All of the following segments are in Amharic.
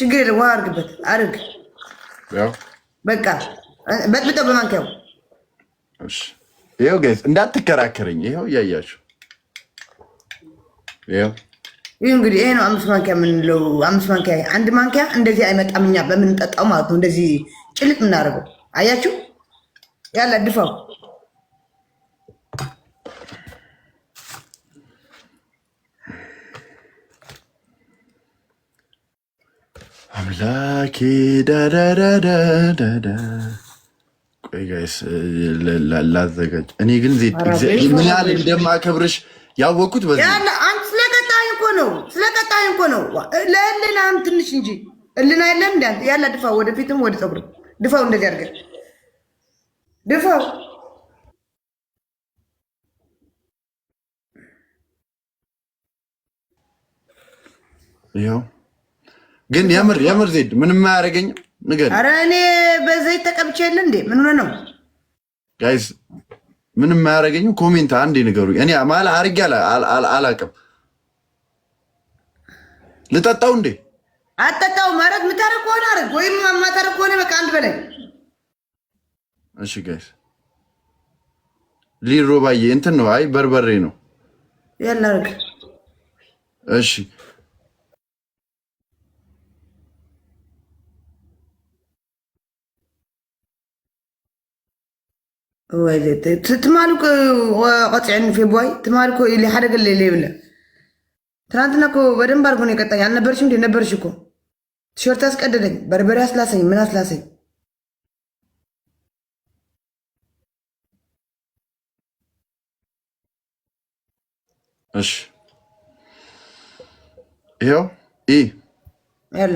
ችግር የለም። ውሃ አድርግበት፣ አድርግ በቃ በጥብጠው በማንኪያው። ይኸው ጋይስ እንዳትከራከረኝ፣ ይኸው እያያችሁ ይኸው ይህ እንግዲህ ይሄ ነው አምስት ማንኪያ የምንለው። አምስት ማንኪያ አንድ ማንኪያ እንደዚህ አይመጣም፣ እኛ በምንጠጣው ማለት ነው። እንደዚህ ጭልጥ የምናደርገው አያችሁ፣ ያለ ድፋው አምላኬ ዳዳዳዳዳዳ ቆይ ጋይስ ላዘጋጅ። እኔ ግን ምን ያህል እንደማከብርሽ ያወቅኩት በዚህ ስለቀጣይ እኮ ነው። ስለቀጣይ እኮ ነው። ለእልናም ትንሽ እንጂ እልና የለም እንዲ ያላ ድፋው፣ ወደፊትም ወደ ፀጉር ድፋው፣ እንደዚህ አድርገህ ድፋው። ያው ግን የምር የምር ዜድ ምንም አያደርገኝም። ንገር። ኧረ እኔ በዘይት ተቀብቼ የለ እንዴ? ምን ሆነ ነው? ጋይስ ምንም አያደርገኝም። ኮሜንት አንዴ ንገሩኝ። እኔ ማለ አርጌ አላቅም። ልጠጣው እንዴ? አጠጣው ማረግ ምታረግ ከሆነ አረግ ወይም ማታረግ ከሆነ በቃ አንድ በላይ። እሺ ጋይስ ሊሮባዬ ባዬ እንትን ነው። አይ በርበሬ ነው። ያላርግ እሺ ትማል ቆፂዕን ፌብዋይ ትማል ሓደ ገለ የብለ ትናንትና ኮ በደንብ አድርጎ ነው የቀጣኝ። አልነበርሽም እንዴ? ነበርሽ እኮ ቲሸርት አስቀደደኝ፣ በርበሬ አስላሰኝ፣ ምን አስላሰኝ። እሺ ይኸው ይ ያለ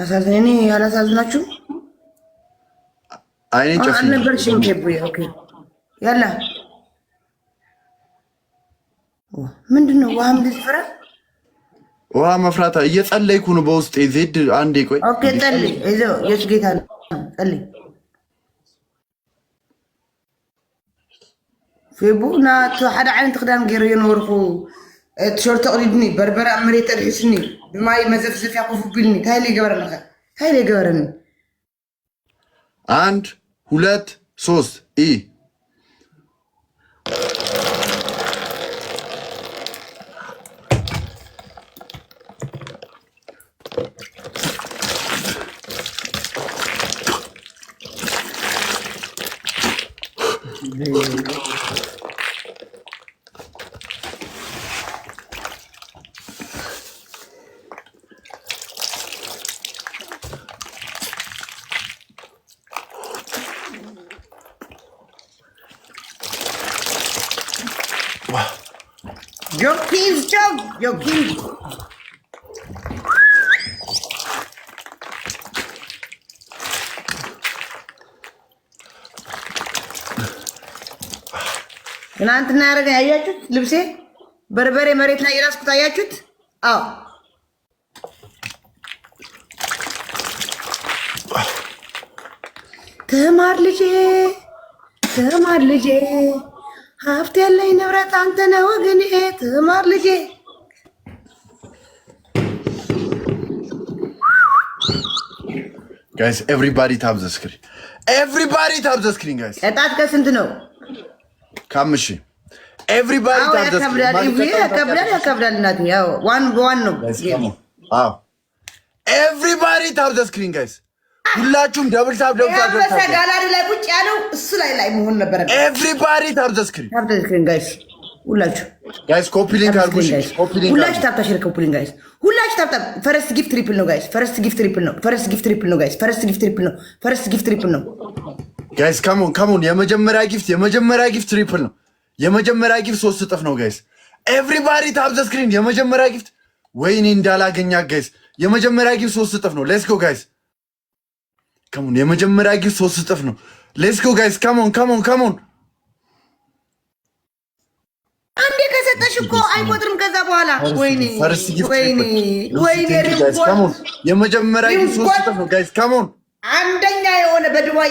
አሳዝን እኔ ያላሳዝናችሁ አይኔ ጨፍ አልነበርሽም። ኬቡ ኦኬ፣ ያላ ምንድን ነው ውሃ ምድ ውሃ መፍራት እየጸለይኩ ነው በውስጥ ዜድ አንዴ ቆይ። ኦኬ ጸልይ፣ ይዘው የሱ ጌታ ነው ጸልይ። ፌቡ ናቱ ሓደ ዓይነት ክዳን ገይሩ የነበርኩ ቲሸርት ተቅዲድኒ በርበራ መሬት ተድሒስኒ ብማይ መዘፍዘፍ ያኮፉብኝ ታይል የገበረን ታይል የገበረን አንድ ሁለት ሶስት ኢ ትናንትና ያደረገኝ አያችሁት? ልብሴ በርበሬ መሬት ላይ የራስኩት አያችሁት? አዎ ተማር ልጄ ተማር ልጄ ሀብት ያለኝ ንብረት አንተ ነህ ወገኔ። ተማር ልጄ ጋይስ ኤቭሪባዲ ታፕ ስክሪን ኤቭሪባዲ ታፕ ስክሪን ጋይስ። ቅጣት ከስንት ነው? ከአምስት ሺህ ኤቭሪባዲ ያከብዳል ያከብዳል። ዋን ነው። ኤቭሪባዲ ታብ ዘ ስክሪን ጋይስ፣ ሁላችሁም ደብል ታብ ደብል ደብል ጋላሪ ላይ ቁጭ ያለው እሱ ላይ ላይ መሆን ነበረ። ኤቭሪባዲ ታብ ዘ ስክሪን ዘ ስክሪን ጋይስ፣ ሁላችሁ ጋይስ ኮፒ ሊንክ ኮፒ ሊንክ ሁላችሁ ታሽር ኮፒ ሊንክ ጋይስ፣ ሁላችሁ ፈረስት ጊፍት ትሪፕል ነው ጋይስ፣ ፈረስት ጊፍት ትሪፕል ነው። ፈረስት ጊፍት ትሪፕል ነው ጋይስ፣ ፈረስት ጊፍት ትሪፕል ነው። ፈረስት ጊፍት ትሪፕል ነው። ጋይስ ከሞን ከሞን የመጀመሪያ ጊፍት የመጀመሪያ ጊፍት ትሪፕል ነው። የመጀመሪያ ጊፍት ሶስት እጥፍ ነው ጋይስ። ኤቭሪባዲ ታፕ ዘ ስክሪን። የመጀመሪያ ጊፍት ወይኔ እንዳላገኛት ጋይስ። የመጀመሪያ ጊፍት ሶስት እጥፍ ነው። ሌትስ ጎ ጋይስ ካሞን። የመጀመሪያ ጊፍት ሶስት እጥፍ ነው። ሌትስ ጎ ጋይስ ካሞን ካሞን ካሞን። አንዴ ከሰጠሽ እኮ አይቆጥርም ከዛ በኋላ። ወይኔ ወይኔ ወይኔ። የመጀመሪያ ጊፍት ሶስት እጥፍ ነው ጋይስ ኤቭሪባዲ ታፕ ዘ ስክሪን የመጀመሪያ ጊፍት ወይኔ እንዳላገኛ ጋይስ የመጀመሪያ ጊፍት ሶስት እጥፍ ነው ሌትስ ጎ ጋይስ ከሞን የመጀመሪያ ጊፍት ሶስት እጥፍ ነው ሌትስ ጎ ጋይስ ከሞን ከሞን ከሞን። አንዴ ከሰጠሽ እኮ አይቆጥርም ከዛ በኋላ ወይኔ ወይኔ ወይኔ የመጀመሪያ ጊፍት ሶስት እጥፍ ነው ጋይስ ከሞን አንደኛ የሆነ በዱባይ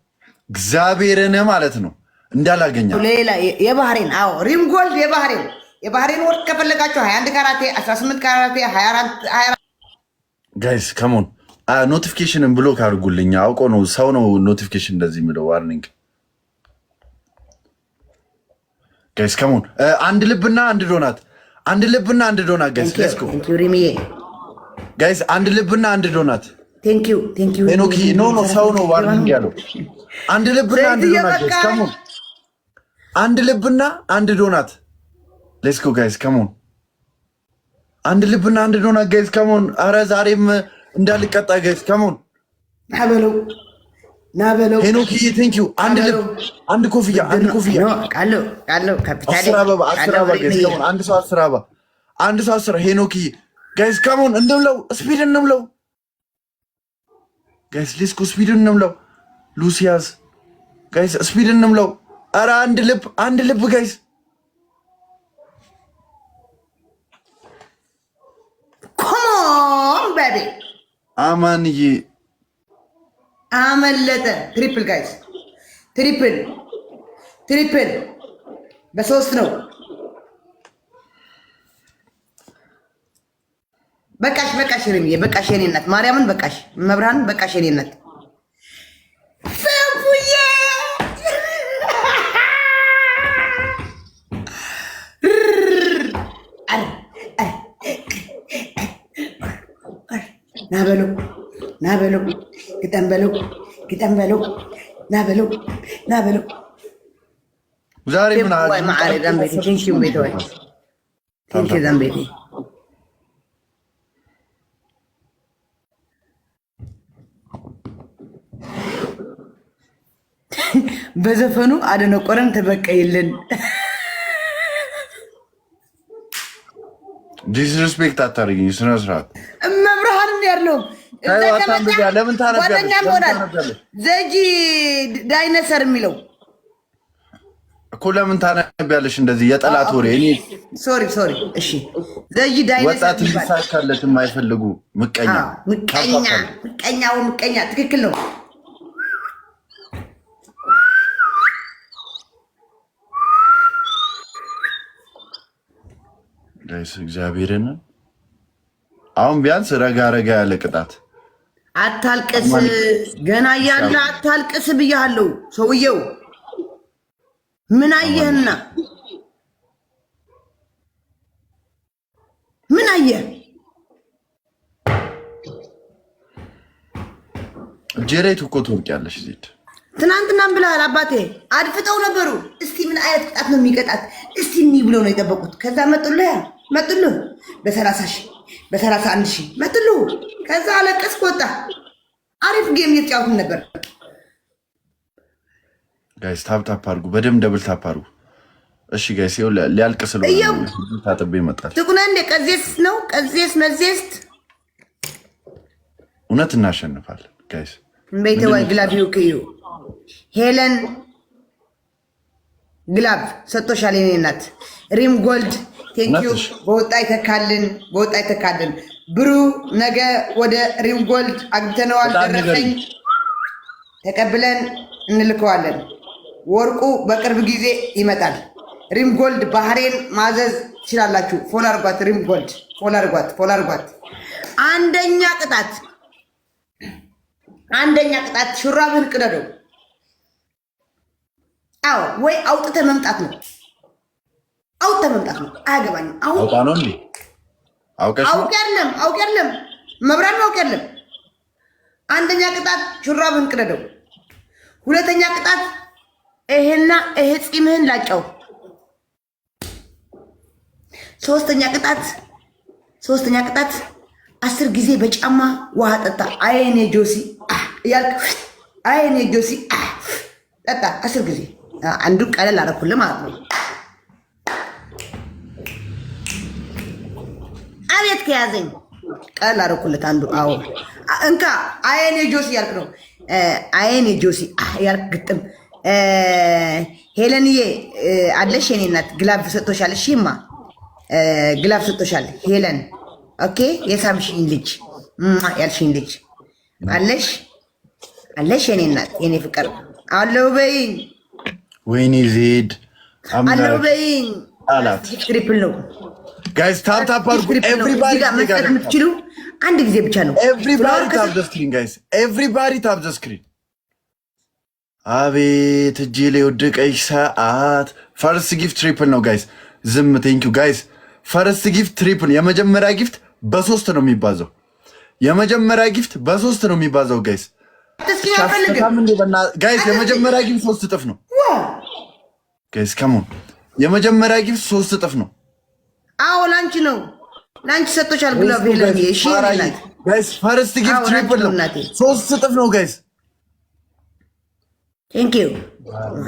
እግዚአብሔርን ማለት ነው እንዳላገኛ ሌላ የባህሬን አዎ ሪምጎልድ የባህሬን የባህሬን ወርቅ ከፈለጋቸው 21 ካራቴ 18 ካራቴ 24 ጋይስ ከሞን ኖቲፊኬሽንን ብሎ ካድርጉልኝ። አውቆ ነው ሰው ነው ኖቲፊኬሽን እንደዚህ የሚለው ዋርኒንግ። ጋይስ ከሞን አንድ ልብና አንድ ዶናት፣ አንድ ልብና አንድ ዶናት። ጋይስ ጋይስ አንድ ልብና አንድ ዶናት ቴንኪው ቴንኪው ሄኖክ ኖ ኖ ሰው ነው ዋርኒንግ ያለው አንድ ልብና አንድ ዶናት ከሙን አንድ ልብና አንድ ዶናት ሌትስ ጋይስ ከሙን አንድ ልብና አንድ ዶናት ጋይስ ከሙን አረ ዛሬም እንዳልቀጣ ጋይስ ከሙን ናበለው ናበለው ሄኖክ አንድ ልብ አንድ ኮፍያ አንድ ኮፍያ ካፒታል አስር አበባ አስር አበባ ጋይስ ከሙን አንድ ሰው አስር አበባ አንድ ሰው አስር ሄኖክ ጋይስ ከሙን እንብለው ስፒድ እንብለው ጋይስ ሌስኮ ስፒድ እንምለው። ሉሲያስ ጋይስ ስፒድን እንምለው። አረ አንድ ልብ አንድ ልብ ጋይስ ኮሞን ቤቢ አማንዬ አመለጠ። ትሪፕል ጋይስ ትሪፕል ትሪፕል በሶስት ነው በቃሽ በቃሽ፣ ርምዬ በቃሽ፣ የኔ እናት ማርያምን በቃሽ፣ መብርሃንን በቃሽ፣ የኔ እናት ሰፉዬ ናበለው ናበለው ግጠም በለው ግጠም በለው ናበለው ናበለው ዛሬ ምን አለ ዘንቤቴ ቴንኪው ቤተወይ ቴንኪው ዘንቤቴ በዘፈኑ አደነቆረን ተበቀይልን። ዲስሪስፔክት አታደርጊኝ። ስነ ስርዓት መብርሃን ያለው ለምን ታነቢያለሽ? ዘጂ ዳይነሰር የሚለው እኮ ለምን ታነቢያለሽ? እንደዚህ የጠላት ወሬ እኔ ሶሪ ሶሪ። እሺ ዘጂ ዳይነሰር ወጣት ሊሳካለት የማይፈልጉ ምቀኛ ምቀኛ ምቀኛ ምቀኛ፣ ትክክል ነው። ጋይስ እግዚአብሔርን አሁን ቢያንስ ረጋ ረጋ ያለ ቅጣት አታልቅስ፣ ገና እያለ አታልቅስ ብያለሁ። ሰውየው ምን አየህና ምን አየህ? ጀሬት እኮ ትወቅያለሽ ዜድ ትናንትናም ብለሃል አባቴ አድፍጠው ነበሩ። እስቲ ምን አይነት ቅጣት ነው የሚቀጣት? እስቲ እኒ ብለው ነው የጠበቁት። ከዛ መጡልህ መጥሉ በሰላሳ ሺህ በሰላሳ አንድ ሺህ መጥሉ። ከዛ አለቀስ ወጣ። አሪፍ ጌም እየተጫወትን ነበር። ጋይስ ታፕ ታፕ አድርጉ፣ በደምብ ደብል ታፕ አድርጉ። እሺ ጋይስ ይኸው ሊያልቅ ስለሆነ ታጥቤ ይመጣል። ትቁነ እንደ ቀዜስ ነው ቀዜስ መዜስ እውነት እናሸንፋል ጋይስ። ቤተዋይ ግላቢው ክዩ ሄለን ግላብ ሰጥቶሻል የኔ እናት ሪም ጎልድ ቴንኪዩ። በወጣ ይተካልን፣ በወጣ ይተካልን። ብሩ ነገ ወደ ሪንጎልድ አግብተነዋል። ደረሰኝ ተቀብለን እንልከዋለን። ወርቁ በቅርብ ጊዜ ይመጣል። ሪምጎልድ ባህሬን ማዘዝ ትችላላችሁ። ፎል አርጓት፣ ሪምጎልድ ፎል አርጓት፣ ፎል አርጓት። አንደኛ ቅጣት፣ አንደኛ ቅጣት ሹራብህን ቅደደው። አዎ ወይ አውጥተህ መምጣት ነው። አውጥተህ መምጣት ነው። አያገባኝም። አሁን አውጣ ነው እንዴ? አውቀሽ አውቅ ያለም አውቅ ያለም መብራት ነው አውቅ ያለም። አንደኛ ቅጣት ሹራብህን ቅደደው። ሁለተኛ ቅጣት ይሄና ይሄ ፂምህን ላጫው። ሶስተኛ ቅጣት ሶስተኛ ቅጣት አስር ጊዜ በጫማ ውሃ ጠጣ። አይኔ ጆሲ እያልክ አይኔ ጆሲ ጠጣ አስር ጊዜ። አንዱ ቀለል አደረኩልህ ማለት ነው። አቤት ከያዘኝ ቀል አረኩለት አንዱ አዎ እንካ አየኔ ጆሲ ያልክ ነው። አየኔ ጆሲ ያልክ ግጥም ሄለንዬ አለሽ የኔ እናት ግላብ ሰጥቶሻል። እሺማ ግላብ ሰጥቶሻል ሄለን። ኦኬ የሳምሽኝ ልጅ ያልሽኝ ልጅ አለሽ አለሽ የኔ እናት የኔ ፍቅር አለው በይኝ። ወይኔ ዜድ አለው በይኝ። ትሪፕል ነው ጋይስ ታፕ ታፕ አድርጉ። ኤቭሪባዲ የምትችሉ አንድ ጊዜ ብቻ ነው። ኤቭሪባዲ ታፕ ዘ ስክሪን ጋይስ፣ ኤቭሪባዲ ታፕ ዘ ስክሪን። አቤት እጅ ላይ ወደቀች ሰዓት። ፈርስት ጊፍት ትሪፕል ነው ጋይስ። ዝም ቴንክ ጋይስ። ፈርስት ጊፍት ትሪፕል። የመጀመሪያ ጊፍት በሶስት ነው የሚባዛው። የመጀመሪያ ጊፍት በሶስት ነው የሚባዛው ጋይስ። ጋይስ የመጀመሪያ ጊፍት ሶስት እጥፍ ነው ጋይስ። ከሞን የመጀመሪያ ጊፍት ሶስት እጥፍ ነው አዎ ላንቺ ነው፣ ላንቺ ሰጥቶሻል። ግሎብ ሄለን እሺ፣ ጋይስ ፈርስት ጊፍት ትሪፕል ነው፣ ሶስት እጥፍ ነው ጋይስ። ቴንክ ዩ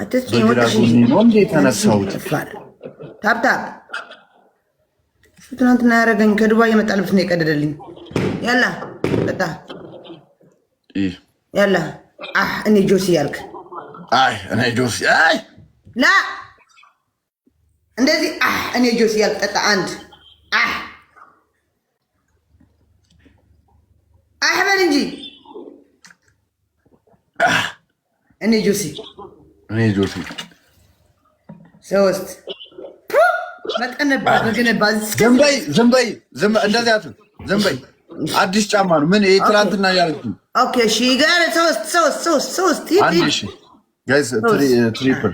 አትስ ይወጣሽ ትናንትና ያደረገኝ ከዱባይ የመጣ ልብስ ነው የቀደደልኝ። ያላ በጣ ያላ አህ እኔ ጆሲ ያልክ አይ እኔ ጆሲ አይ ላ እንደዚህ አህ እኔ ጆሲ ያልጠጣ አንድ አህ አህመድ እንጂ እኔ ጆሲ እኔ ጆሲ ሶስት መጠነባ መገነባ ዝም በይ ዝም በይ ዝም እንደዚህ አትም ዝም በይ። አዲስ ጫማ ነው። ምን ይሄ ትናንትና ያለች። ኦኬ ሺ ጋር ሶስት ሶስት ሶስት ሶስት አንድ ሺ ጋይስ ትሪፕል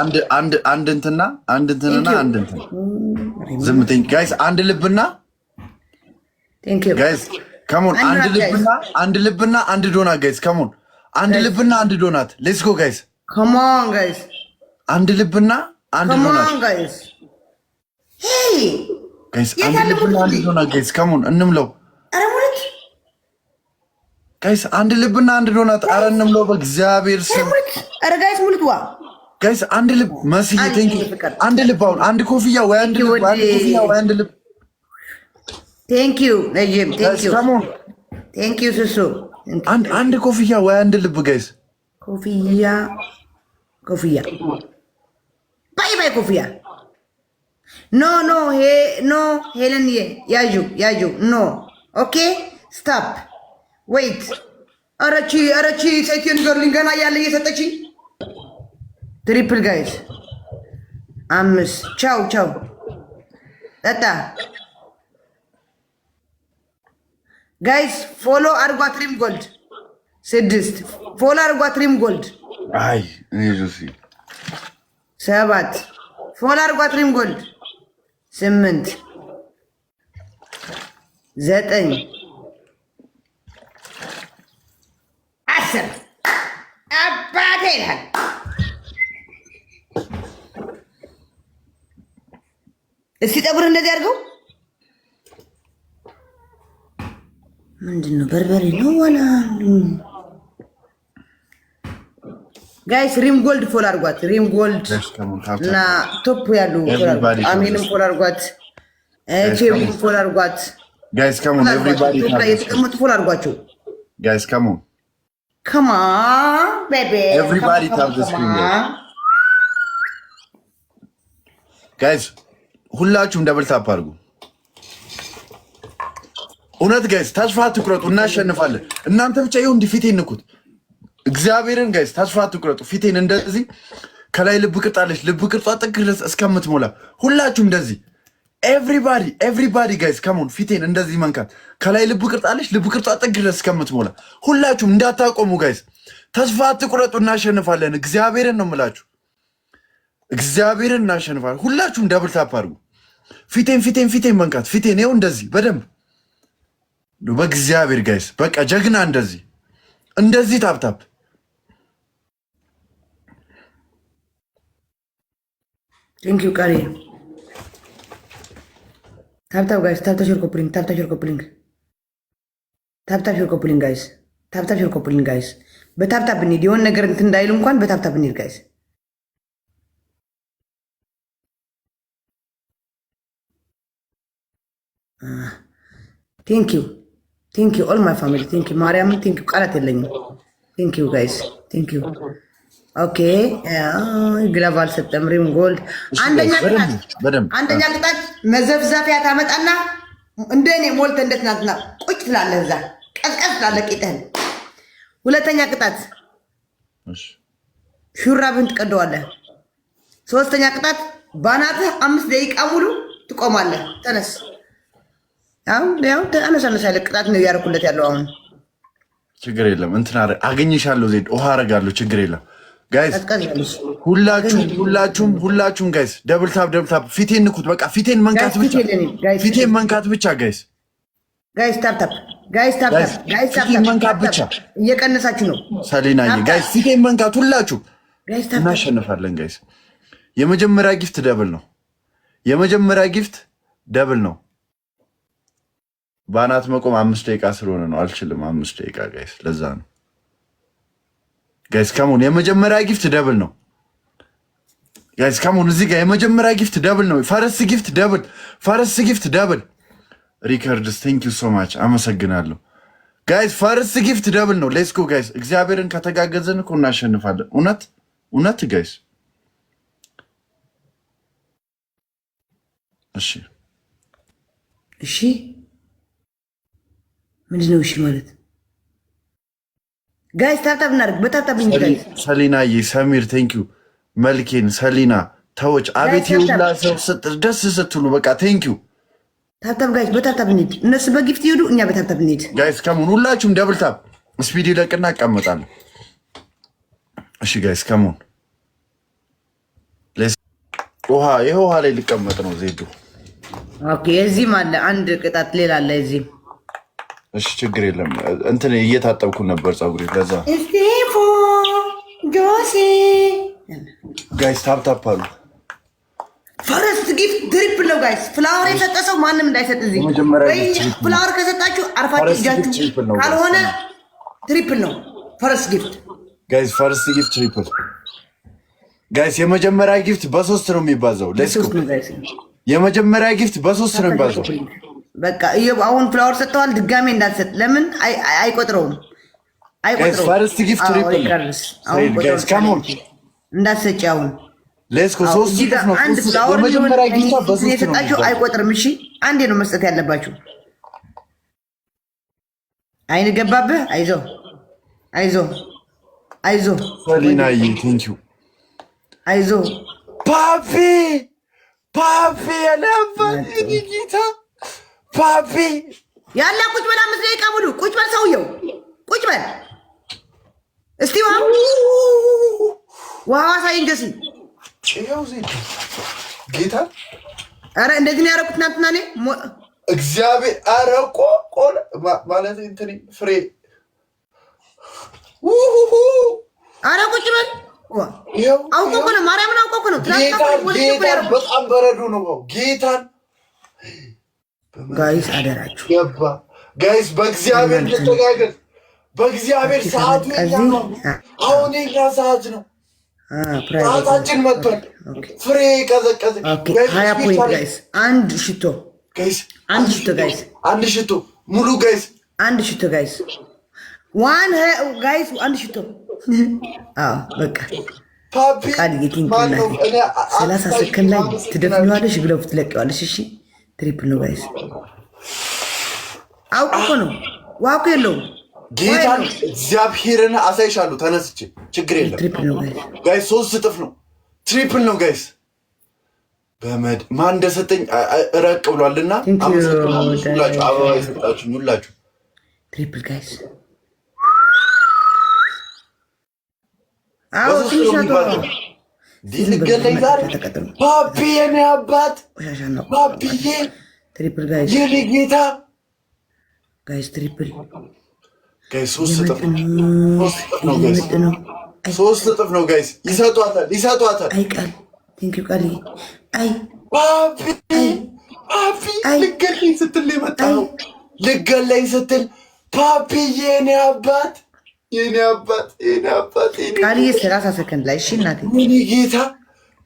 አንድ አንድ አንድ እንትና አንድ እንትንና አንድ እንትን ዝም ጋይስ፣ አንድ ልብና ጋይስ ከሞን አንድ ልብና አንድ ልብና አንድ ዶናት ጋይስ፣ ከሞን አንድ ልብና አንድ ዶናት። ሌትስ ጎ ጋይስ፣ ከሞን ጋይስ፣ አንድ ልብና አንድ ዶናት ጋይስ፣ አንድ ልብና አንድ ዶናት ጋይስ፣ ከሞን እንምለው ጋይስ አንድ ልብና አንድ ዶናት አረንም ነው በእግዚአብሔር ስም። ኧረ ጋይስ ሙሉት ዋ ጋይስ አንድ ልብ መስዬ ቴንክ አንድ ልብ አሁን አንድ ኮፍያ ወይ አንድ ልብ አንድ ኮፍያ ወይ አንድ ልብ ቴንክ ዩ ነጂም ቴንክ ዩ ቴንክ ዩ ሱሱ አንድ አንድ ኮፍያ ወይ አንድ ልብ ጋይስ ኮፍያ ኮፍያ ባይ ባይ ኮፍያ ኖ ኖ ሄ ኖ ሄለን ያዩ ያዩ ኖ ኦኬ ስታፕ ወይት አረቺ አረቺ ሴትዮን ገርልኝ ገና ያለ እየሰጠችኝ ትሪፕል ጋይስ አምስት ቻው ቻው ጠጣ ጋይስ ፎሎ አርጓ ትሪም ጎልድ ስድስት ፎሎ አርጓ ትሪም ጎልድ አይ ሰባት ፎሎ አርጓ ትሪም ጎልድ ስምንት ዘጠኝ አስር አባቴ ይላል። እስቲ ጠጉር እንደዚህ አድርገው። ምንድን ነው በርበሬ ነው ዋላ? ጋይስ ሪም ጎልድ ፎል አድርጓት። ሪም ጎልድ እና ቶፕ ያሉ አሜንም ፎል አድርጓት። ቼም ፎል አድርጓት። ጋይስ ካሙን ኤቭሪባዲ የተቀመጡ ፎል አድርጓቸው ጋይስ ካሙን Come on, baby. Everybody comes the screen ጋይዝ ሁላችሁም ደብል ታፕ አድርጉ። እውነት ጋይዝ ተስፋ ትቁረጡ፣ እናሸንፋለን። እናንተ ብቻ ይሁን እንዲህ ፊቴን ንኩት። እግዚአብሔርን ጋይዝ ተስፋ ትቁረጡ። ፊቴን እንደዚህ ከላይ ልብ ቅርጽ አለች። ልብ ቅርጿ ጥግ እስከምትሞላ ሁላችሁም እንደዚህ ኤቭሪባዲ ኤቭሪባዲ ጋይስ ከሞን ፊቴን እንደዚህ መንካት ከላይ ልብ ቅርጽ አለች። ልብ ቅርጽ ጥግ ድረስ እስከምትሞላ ሁላችሁም እንዳታቆሙ ጋይስ ተስፋ አትቁረጡ፣ እናሸንፋለን። እግዚአብሔርን ነው የምላችሁ፣ እግዚአብሔርን እናሸንፋለን። ሁላችሁም ደብል ታፕ አድርጉ። ፊቴን ፊቴን ፊቴን መንካት ፊቴን ይኸው እንደዚህ በደንብ በእግዚአብሔር ጋይስ በቃ ጀግና እንደዚህ እንደዚህ ታፕታፕ ንኪ tap tap guys tap tap your coupling tap tap your coupling tap tap your coupling guys tap tap your coupling guys በታፕ ታፕ እንሂድ የሆነ ነገር እንትን እንዳይሉ እንኳን በታፕ ታፕ እንሂድ ጋይስ ቴንክ ዩ ቴንክ ዩ ኦል ማይ ፋሚሊ ቴንክ ዩ ማርያም ቴንክ ዩ ቃላት የለኝም ቴንክ ዩ ጋይስ ቴንክ ዩ ኦኬ ግለብ አልሰጠም። ሪም ጎልድ አንደኛ ቅጣት መዘፍዘፊያ ታመጣና እንደ እኔ ሞልተ እንደ ትናንትና ቁጭ ትላለህ፣ እዛ ቀዝቀዝ ትላለህ ቂጥህን። ሁለተኛ ቅጣት ሹራብህን ትቀደዋለህ። ሶስተኛ ቅጣት ባናትህ አምስት ደቂቃ ሙሉ ትቆማለህ። ተነስ አነሳ ነሳ ያለ ቅጣት ነው እያደረኩለት ያለው አሁን። ችግር የለም እንትን አገኝሻለሁ፣ ዜድ ውሃ አረጋለሁ። ችግር የለም ጋይዝ ሁላችሁም ሁላችሁም ሁላችሁም ጋይስ ደብል ታፕ ደብል ታፕ ፊቴን ንኩት። በቃ ፊቴን መንካት ብቻ ፊቴን መንካት ብቻ ጋይስ ጋይዝ ታፕ ታፕ ታፕ ታፕ ታፕ ታፕ መንካት ብቻ እየቀነሳችሁ ነው። ሰሌናዬ ጋይዝ ፊቴን መንካት ሁላችሁ እናሸንፋለን የመጀመሪያ ጊፍት ደብል ነው። የመጀመሪያ ጊፍት ደብል ነው። በአናት መቆም አምስት ደቂቃ ስለሆነ ነው አልችልም። አምስት ደቂቃ ጋይዝ ለዛ ነው ጋይስ ካሞን የመጀመሪያ ጊፍት ደብል ነው። ጋይስ ካሞን እዚህ ጋር የመጀመሪያ ጊፍት ደብል ነው። ፈረስ ጊፍት ደብል፣ ፈረስ ጊፍት ደብል። ሪከርድስ ቴንክ ዩ ሶ ማች አመሰግናለሁ። ጋይስ ፈረስ ጊፍት ደብል ነው። ሌትስ ጎ ጋይስ። እግዚአብሔርን ከተጋገዘን እኮ እናሸንፋለን። እውነት እውነት ጋይስ። እሺ እሺ፣ ምንድን ነው እሺ ማለት ጋይስ ታብታብ እናድርግ። በታብታብ ሰሊናዬ፣ ሰሚር ቴንኪዩ። መልኬን ሰሊና ተወች። አቤት የሁላ ሰው ደስ ስትሉ በቃ ቴንኪዩ። ታብታብ ጋይስ፣ በታብታብ እንሂድ። እነሱ በጊፍት ይሄዱ፣ እኛ በታብታብ እንሂድ። ጋይስ ከሙን ሁላችሁም ደብልታብ ስፒድ ይለቅና እቀመጣለሁ። እሺ ጋይስ ከሙን ውሃ ይሄ ውሃ ላይ ሊቀመጥ ነው ዜዱ። ኦኬ እዚህም አለ አንድ ቅጣት ሌላ አለ እዚህም እሺ ችግር የለም። እንትን እየታጠብኩ ነበር ፀጉሬ። ለዛ ስቴፎ ጆሲ ጋይስ ታፕታፕ አሉ። ፈረስት ጊፍት ድሪፕ ነው ጋይስ። ፍላወር የሰጠ ሰው ማንም እንዳይሰጥ እዚህ። ፍላወር ከሰጣችሁ አርፋችሁ እጃችሁ፣ ካልሆነ ትሪፕል ነው። ፈረስት ጊፍት ጋይስ፣ ፈረስት ጊፍት ትሪፕል ጋይስ። የመጀመሪያ ጊፍት በሶስት ነው የሚባዘው። ለስ የመጀመሪያ ጊፍት በሶስት ነው የሚባዘው። በቃ እዮብ አሁን ፍላወር ሰጥተዋል። ድጋሜ እንዳትሰጥ። ለምን አይቆጥረውም? አይቆጥረውም። እንዳትሰጪ አሁን አንድ ፍላወር የሰጣችሁ አይቆጥርም። እሺ አንዴ ነው መስጠት ያለባችሁ። አይን ገባብህ። አይዞ አይዞ አይዞ ሊናይ ንዩ አይዞ ፓፌ ፓፌ ያለባ ጌታ ፓፒ ያለ ቁጭ በል፣ አምስት ደቂቃ ሙሉ ቁጭ በል፣ ሰውየው ቁጭ በል። እስቲ ዋ ውሃዋ ሳይንገሲ ጭው ጌታ አረ እንደዚህ ነው ያረኩት ትናንትና እኔ እግዚአብሔር አረ ቆለ ማለት እንትን ፍሬ አረ ቁጭ በል። አውቆ እኮ ነው ማርያምን አውቆ እኮ ነው። ትናንትና በጣም በረዶ ነው ጌታን ጋይስ አደራችሁ ጋይስ፣ በእግዚአብሔር ልተጋገዝ። በእግዚአብሔር ሰዓቱ ነው። አሁን የኛ ሰዓት ነው። ሰዓታችን መጥቷል። ፍሬ ቀዘቀዘ። አንድ ሽቶ አንድ ሽቶ ጋይስ፣ አንድ ሽቶ ሙሉ ጋይስ፣ አንድ ሽቶ ጋይስ፣ ዋን ጋይስ፣ አንድ ሽቶ በቃ ቃል የቲንክና ሰላሳ ሰከንድ ላይ ትደፍኛዋለሽ፣ ግለቡ ትለቀዋለሽ። እሺ ትሪፕል ነው ጋይስ። አውቅ እኮ ነው ዋቁ የለውም። ጌታ እግዚአብሔርን አሳይሻሉ። ተነስቼ ችግር የለም ጋይስ። ሶስት እጥፍ ነው ትሪፕል ነው ጋይስ። በመድ ማን እንደሰጠኝ ረቅ ብሏልና ሁላችሁ አበባ የሰጣችሁ ሁላችሁ ትሪፕል ጋይስ። አዎ ትንሽ ልገለኝ ዛሬ የኔ አባት ባቢዬ፣ የኔ ጌታ ጋይስ ትሪፕል ሶስት እጥፍ ነው ጋይስ። ይሰጧታል፣ ይሰጧታል። አይ ቃል ቴንክ ዩ ቃል። አይ ልገለኝ ስትል የመጣ ነው። ልገለኝ ስትል የኔ አባት የኔ አባት የኔ አባት ቃልዬ፣ ሰላሳ ሰከንድ ላይ እሺ እናቴ። ወይኔ ጌታ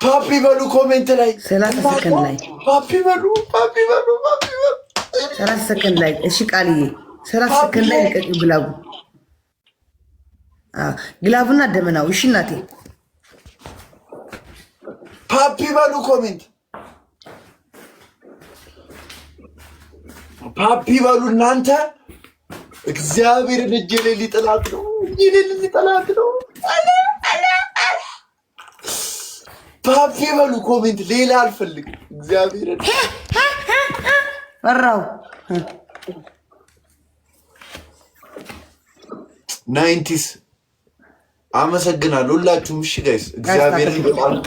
ፓፒ በሉ ኮሜንት ላይ ሰላሳ ሰከንድ ላይ ፓፒ በሉ ፓፒ በሉ ፓፒ በሉ ሰላሳ ሰከንድ ላይ እሺ ቃልዬ፣ ሰላሳ ሰከንድ ላይ ልቀቂ። ግላቡ ግላቡና ደመናው እሺ እናቴ። ፓፒ በሉ ኮሜንት ፓፒ በሉ እናንተ እግዚአብሔርን እጄ ላይ ሊጠላት ነው፣ እጄ ላይ ሊጠላት ነው። ባፌ በሉ ኮሜንት፣ ሌላ አልፈልግም። እግዚአብሔርን ራው ናይንቲስ አመሰግናለሁ ሁላችሁም። እሺ ጋይስ እግዚአብሔርን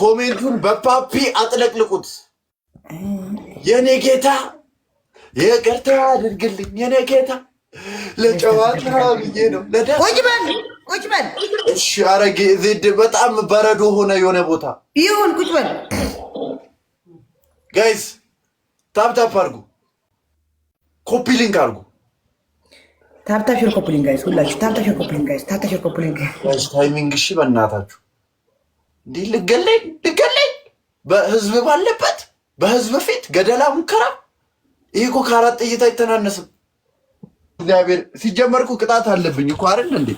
ኮሜንቱን በፓፒ አጥለቅልቁት የኔ ጌታ ይቅርታ አድርግልኝ የኔ ጌታ፣ ለጨዋታ ብዬ ነው። ቁጭ በል ቁጭ በል። እሺ አረጌ ዜድ በጣም በረዶ ሆነ የሆነ ቦታ ይሁን። ቁጭ በል ጋይስ፣ ታፕታፕ አድርጉ፣ ኮፒ ሊንክ አድርጉ። ታፕታሽር ኮፒ ሊንክ ጋይስ፣ ሁላችሁ ታፕታሽር ኮፒ ሊንክ ጋይስ፣ ታፕታሽር ኮፒ ሊንክ ጋይስ። ታይሚንግ እሺ፣ በእናታችሁ እንዲህ ልገለኝ ልገለኝ፣ በህዝብ ባለበት በህዝብ ፊት ገደላ ሙከራ ይህ እኮ ከአራት ጥይት አይተናነስም። እግዚአብሔር ሲጀመርኩ ቅጣት አለብኝ እኮ አይደል እንዴ?